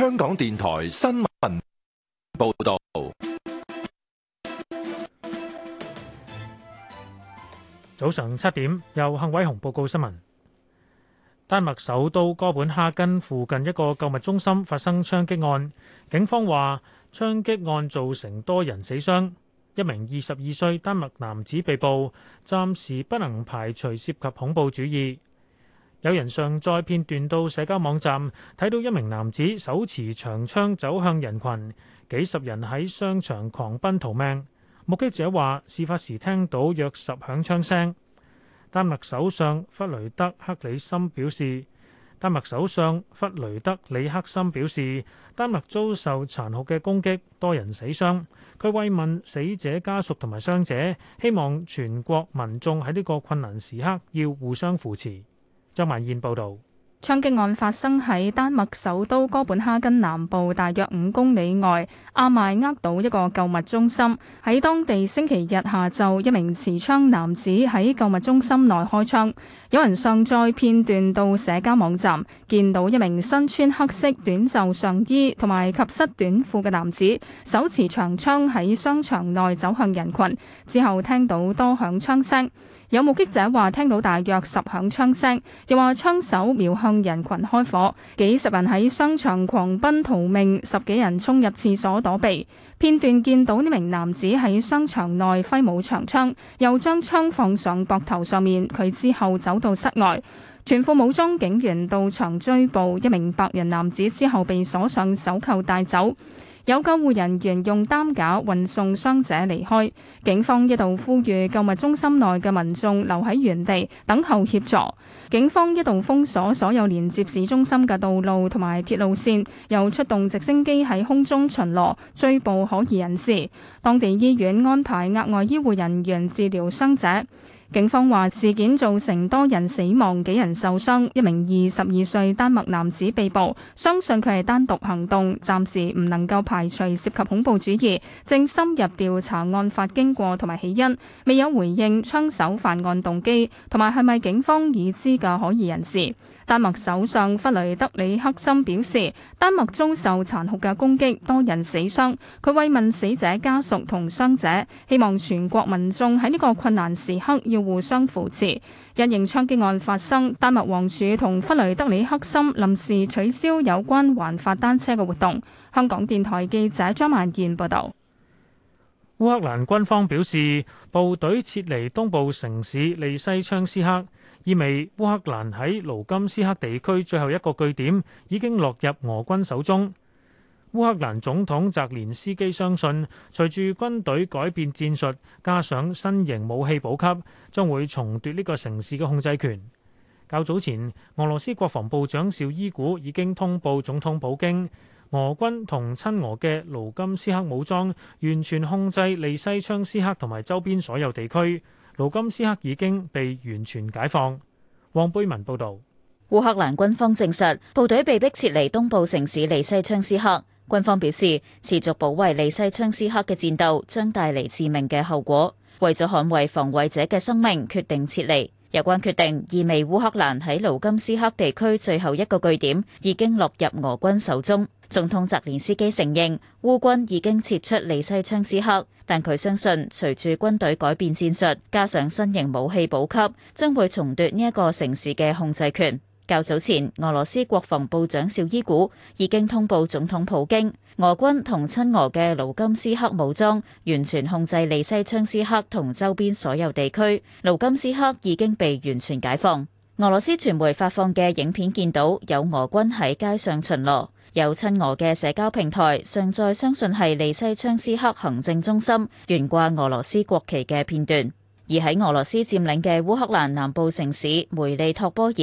香港電台新聞報道，早上七點，由幸偉雄報告新聞。丹麥首都哥本哈根附近一個購物中心發生槍擊案，警方話槍擊案造成多人死傷，一名二十二歲丹麥男子被捕，暫時不能排除涉及恐怖主義。有人上載片段到社交網站，睇到一名男子手持長槍走向人群，幾十人喺商場狂奔逃命。目擊者話，事發時聽到約十響槍聲。丹麥首相弗雷德克里森表示，丹麥首相弗雷德里克森表示，丹麥遭受殘酷嘅攻擊，多人死傷。佢慰問死者家屬同埋傷者，希望全國民眾喺呢個困難時刻要互相扶持。張曼燕報道，槍擊案發生喺丹麥首都哥本哈根南部大約五公里外阿邁厄島一個購物中心。喺當地星期日下晝，一名持槍男子喺購物中心內開槍。有人上載片段到社交網站，見到一名身穿黑色短袖上衣同埋及膝短褲嘅男子，手持長槍喺商場內走向人群，之後聽到多響槍聲。有目擊者話聽到大約十響槍聲，又話槍手瞄向人群開火，幾十人喺商場狂奔逃命，十幾人衝入廁所躲避。片段見到呢名男子喺商場內揮舞長槍，又將槍放上膊頭上面。佢之後走到室外，全副武裝警員到場追捕一名白人男子，之後被鎖上手扣帶走。有救護人員用擔架運送傷者離開，警方一度呼籲購物中心內嘅民眾留喺原地等候協助。警方一度封鎖所有連接市中心嘅道路同埋鐵路線，又出動直升機喺空中巡邏追捕可疑人士。當地醫院安排額外醫護人員治療傷者。警方話，事件造成多人死亡、幾人受傷，一名二十二歲丹麥男子被捕，相信佢係單獨行動，暫時唔能夠排除涉及恐怖主義，正深入調查案發經過同埋起因，未有回應槍手犯案動機同埋係咪警方已知嘅可疑人士。丹麥首相弗雷德里克森表示，丹麥遭受殘酷嘅攻擊，多人死傷。佢慰問死者家屬同傷者，希望全國民眾喺呢個困難時刻要互相扶持。因應槍擊案發生，丹麥王儲同弗雷德里克森臨時取消有關環法單車嘅活動。香港電台記者張曼燕報導。烏克蘭軍方表示，部隊撤離東部城市利西昌斯克。意味烏克蘭喺盧甘斯克地區最後一個據點已經落入俄軍手中。烏克蘭總統澤連斯基相信，隨住軍隊改變戰術，加上新型武器補給，將會重奪呢個城市嘅控制權。較早前，俄羅斯國防部長紹伊古已經通報總統普京，俄軍同親俄嘅盧甘斯克武裝完全控制利西昌斯克同埋周邊所有地區。盧金斯克已經被完全解放。黃貝文報道，烏克蘭軍方證實部隊被迫撤離東部城市利西昌斯克。軍方表示，持續保衛利西昌斯克嘅戰鬥將帶嚟致命嘅後果，為咗捍衛防衛者嘅生命，決定撤離。有關決定意味烏克蘭喺盧金斯克地區最後一個據點已經落入俄軍手中。總統澤連斯基承認烏軍已經撤出利西昌斯克。但佢相信，隨住軍隊改變戰術，加上新型武器補給，將會重奪呢一個城市嘅控制權。較早前，俄羅斯國防部長紹伊古已經通報總統普京，俄軍同親俄嘅盧甘斯克武裝完全控制利西昌斯克同周邊所有地區，盧甘斯克已經被完全解放。俄羅斯傳媒發放嘅影片見到有俄軍喺街上巡邏。有親俄嘅社交平台上載相信係利西昌斯克行政中心懸掛俄羅斯國旗嘅片段，而喺俄羅斯佔領嘅烏克蘭南部城市梅利托波爾，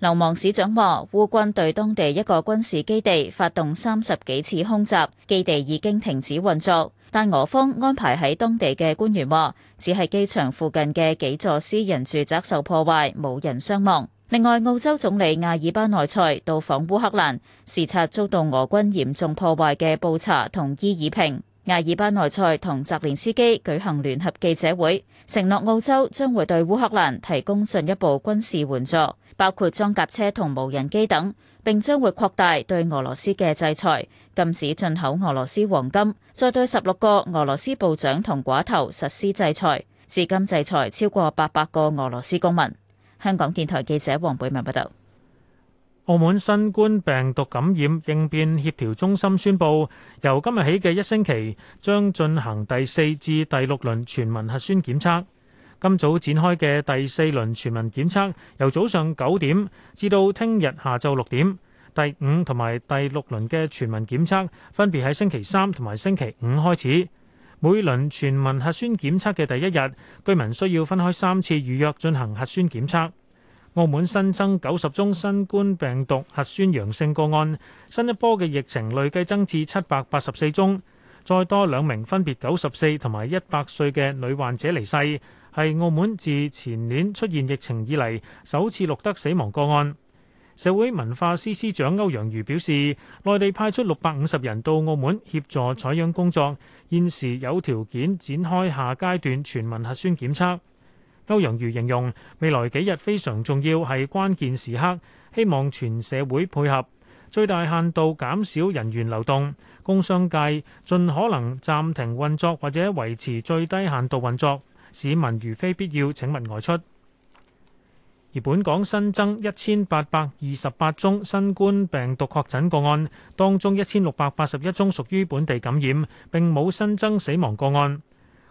流亡市長話烏軍對當地一個軍事基地發動三十幾次空襲，基地已經停止運作，但俄方安排喺當地嘅官員話，只係機場附近嘅幾座私人住宅受破壞，冇人傷亡。另外，澳洲總理阿爾巴內塞到訪烏克蘭，視察遭到俄軍嚴重破壞嘅布查同伊爾平。阿爾巴內塞同澤連斯基舉行聯合記者會，承諾澳洲將會對烏克蘭提供進一步軍事援助，包括裝甲車同無人機等。並將會擴大對俄羅斯嘅制裁，禁止進口俄羅斯黃金，再對十六個俄羅斯部長同寡頭實施制裁。至今制裁超過八百個俄羅斯公民。香港電台記者王貝文報道，澳門新冠病毒感染應變協調中心宣佈，由今日起嘅一星期將進行第四至第六輪全民核酸檢測。今早展開嘅第四輪全民檢測，由早上九點至到聽日下晝六點。第五同埋第六輪嘅全民檢測，分別喺星期三同埋星期五開始。每輪全民核酸檢測嘅第一日，居民需要分開三次預約進行核酸檢測。澳門新增九十宗新冠病毒核酸陽性個案，新一波嘅疫情累計增至七百八十四宗。再多兩名分別九十四同埋一百歲嘅女患者離世，係澳門自前年出現疫情以嚟首次錄得死亡個案。社會文化司司長歐陽瑜表示，內地派出六百五十人到澳門協助採樣工作，現時有條件展開下階段全民核酸檢測。歐陽瑜形容未來幾日非常重要，係關鍵時刻，希望全社會配合，最大限度減少人員流動，工商界盡可能暫停運作或者維持最低限度運作，市民如非必要請勿外出。而本港新增一千八百二十八宗新冠病毒確診個案，當中一千六百八十一宗屬於本地感染，並冇新增死亡個案。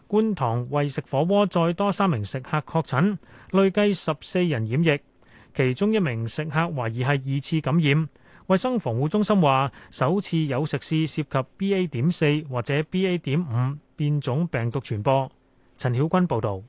觀塘為食火鍋再多三名食客確診，累計十四人染疫，其中一名食客懷疑係二次感染。衛生防護中心話，首次有食肆涉及 BA 點四或者 BA 點五變種病毒傳播。陳曉君報道。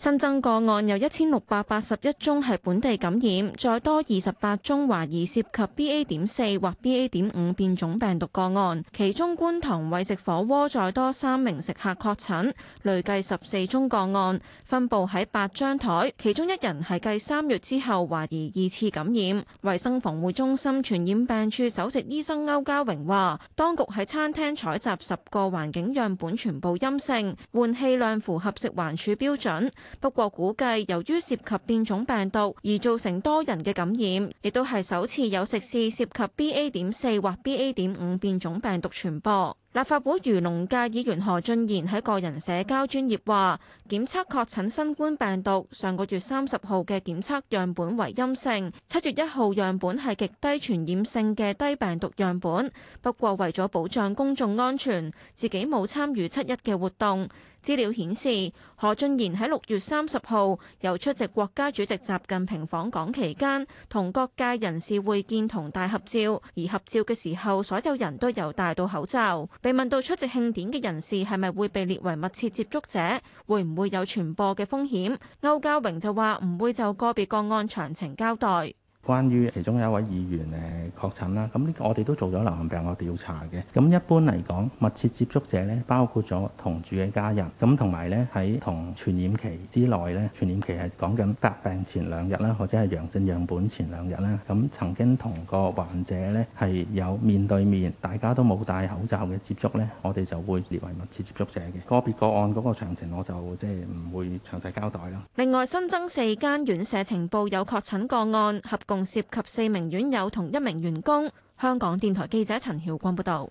新增個案有一千六百八十一宗係本地感染，再多二十八宗懷疑涉及 B A. 點四或 B A. 點五變種病毒個案，其中觀塘為食火鍋再多三名食客確診，累計十四宗個案分布喺八張檯，其中一人係繼三月之後懷疑二次感染。衛生防護中心傳染病處首席醫生歐家榮話，當局喺餐廳採集十個環境樣本，全部陰性，換氣量符合食環署標準。不過估計，由於涉及變種病毒而造成多人嘅感染，亦都係首次有食肆涉及 BA 點四或 BA 點五變種病毒傳播。立法會漁農界議員何俊賢喺個人社交專頁話：檢測確診新冠病毒上個月三十號嘅檢測樣本為陰性，七月一號樣本係極低傳染性嘅低病毒樣本。不過為咗保障公眾安全，自己冇參與七一嘅活動。資料顯示，何俊賢喺六月三十號由出席國家主席習近平訪港期間，同各界人士會見同大合照，而合照嘅時候所有人都有戴到口罩。被問到出席慶典嘅人士係咪會被列為密切接觸者，會唔會有傳播嘅風險？歐家榮就話唔會就個別個案詳情交代。關於其中有一位議員誒確診啦，咁呢個我哋都做咗流行病學調查嘅。咁一般嚟講，密切接觸者咧，包括咗同住嘅家人，咁同埋咧喺同傳染期之內咧，傳染期係講緊發病前兩日啦，或者係陽性樣本前兩日啦，咁曾經同個患者咧係有面對面，大家都冇戴口罩嘅接觸咧，我哋就會列為密切接觸者嘅個別個案嗰個詳情，我就即係唔會詳細交代啦。另外新增四間院舍情報有確診個案。共涉及四名院友同一名員工。香港電台記者陳曉光報道。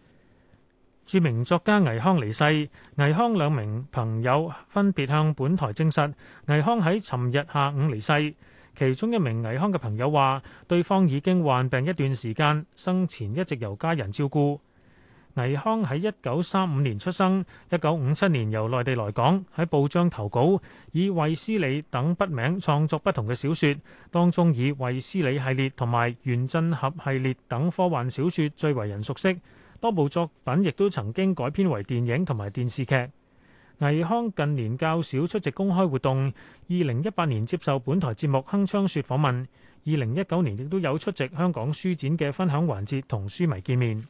著名作家倪匡離世，倪匡兩名朋友分別向本台證實，倪匡喺尋日下午離世。其中一名倪匡嘅朋友話，對方已經患病一段時間，生前一直由家人照顧。倪匡喺一九三五年出生，一九五七年由內地來港喺報章投稿，以衛斯理等筆名創作不同嘅小說，當中以衛斯理系列同埋原振俠系列等科幻小說最為人熟悉。多部作品亦都曾經改編為電影同埋電視劇，倪匡近年較少出席公開活動，二零一八年接受本台節目《鏗鏘説》訪問，二零一九年亦都有出席香港書展嘅分享環節同書迷見面。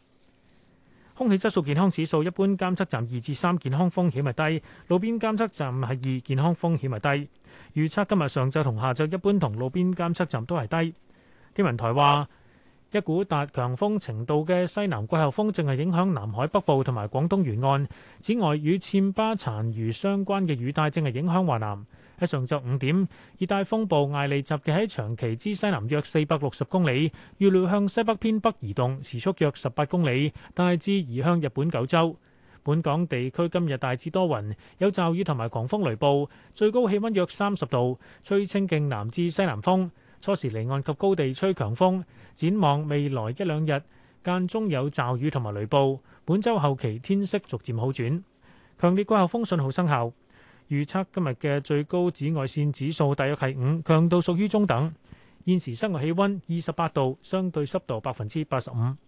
空氣質素健康指數一般監測站二至三，健康風險係低；路邊監測站係二，健康風險係低。預測今日上晝同下晝一般同路邊監測站都係低。天文台話，一股達強風程度嘅西南季候風正係影響南海北部同埋廣東沿岸。此外，與暹巴殘餘相關嘅雨帶正係影響華南。喺上晝五點，熱帶風暴艾利集結喺長崎之西南約四百六十公里，預料向西北偏北移動，時速約十八公里，大致移向日本九州。本港地區今日大致多雲，有驟雨同埋狂風雷暴，最高氣溫約三十度，吹清勁南至西南風，初時離岸及高地吹強風。展望未來一兩日間中有驟雨同埋雷暴，本週後期天色逐漸好轉，強烈季候風信號生效。預測今日嘅最高紫外線指數大約係五，強度屬於中等。現時室外氣溫二十八度，相對濕度百分之八十五。